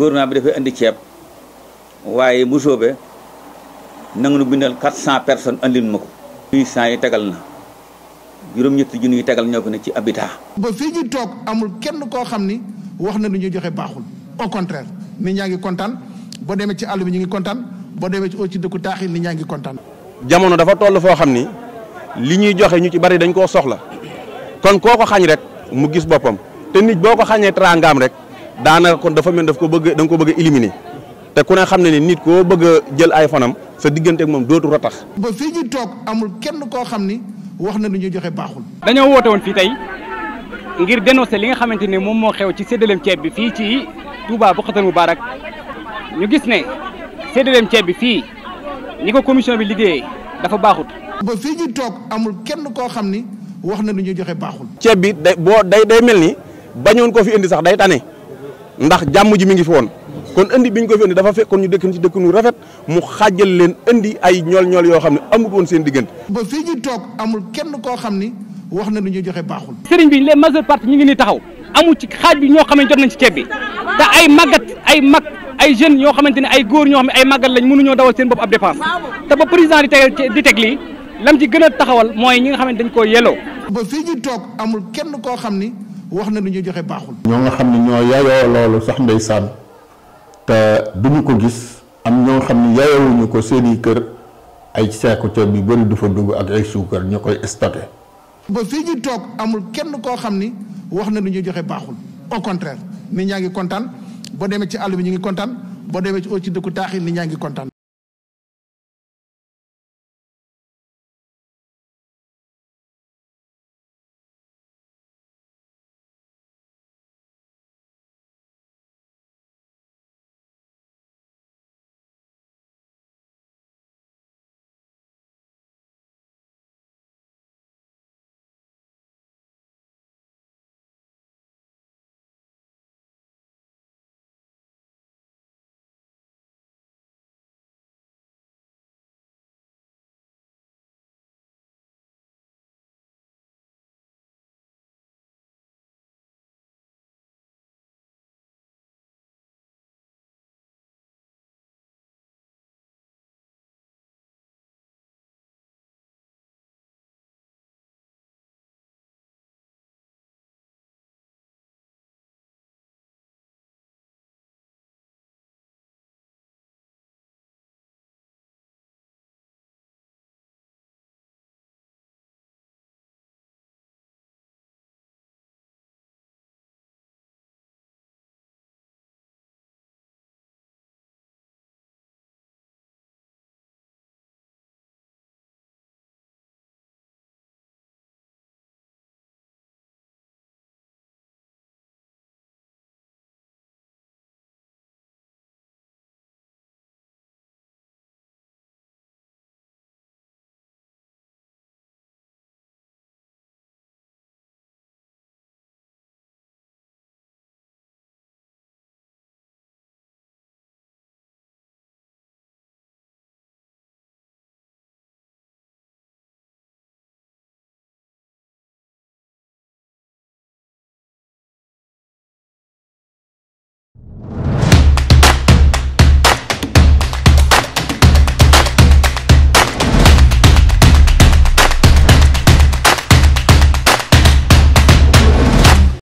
gouvernement bi dafay indi ceeb waaye bu soobee nangu nu bindal 400 personnes andil ma ko. 800 yi tegal na juróom-ñetti junni yi tegal ñoo ko ne ci habitat. ba fi ñu toog amul kenn koo xam ni wax na lu ñuy joxe baaxul au contraire nit ñaa ngi kontaan boo demee ci àll bi ñu ngi kontaan boo demee ci au ci dëkku taax yi ñaa ngi kontan jamono dafa toll foo xam ni li ñuy joxe ñu ci bari dañ koo soxla kon koo ko xañ rek mu gis boppam te nit boo ko xañee teraangaam daanaka kon dafa mel daf ko bëgg da ko bëgg a éliminer te ku ne xam ne ni nit koo bëgg jël ay fanam sa diggante ak moom dootu ratax. ba fii ñu toog amul kenn koo xam ni wax na lu ñu joxe baaxul. dañoo woote woon fii tey ngir dénoncer li nga xamante ne moom moo xew ci séddaleem ceeb bi fii ci Touba Boukhatoul Moubarak ñu gis ne séddaleem ceeb bi fii ni ko commission bi liggéeyee dafa baaxut. ba fii toog amul kenn koo xam ni wax na lu ñu joxe baaxul. ceeb bi day boo day day mel ni bañoon koo fi indi sax day tane. ndax jàmm ji mi ngi fi woon kon indi bi ñu ko fi indi dafa fekkoon ñu dëkk ci dëkk nu rafet mu xaajal leen indi ay ñool-ñool yoo xam ne amut woon seen diggante. ba fii ñu toog amul kenn koo xam ni wax na lu ñuy joxe baaxul. sëriñ bi les majeure partie ñu ngi nii taxaw amul ci xaaj bi ñoo ne jot ci ceeb bi ay màggat ay mag ay jeunes yoo xamante ne ay góor ñoo xam ne ay lañ mënuñoo dawal seen bopp ab dépense te ba président di teg di teg lii lam ci gën a taxawal mooy ñi nga xamante dañ koo yelloo. ba fii ñu toog amul kenn koo xam ni wax na lu ñuy joxe baaxul. ñoo nga xam ne ñoo yaayoo loolu sax ndeysaan te duñu ko gis am ñoo xam ne yaayoowuñu ko seeni kër ay saako ceeb yu bëri du fa dugg ak ay suukar ñu koy stocké. ba fii ñu toog amul kenn koo xam ni wax na lu ñuy joxe baaxul au contraire nit ñaa ngi kontaan boo demee ci àll bi ñu ngi kontaan boo demee ci au ci dëkku taax yi nit ñaa ngi kontaan.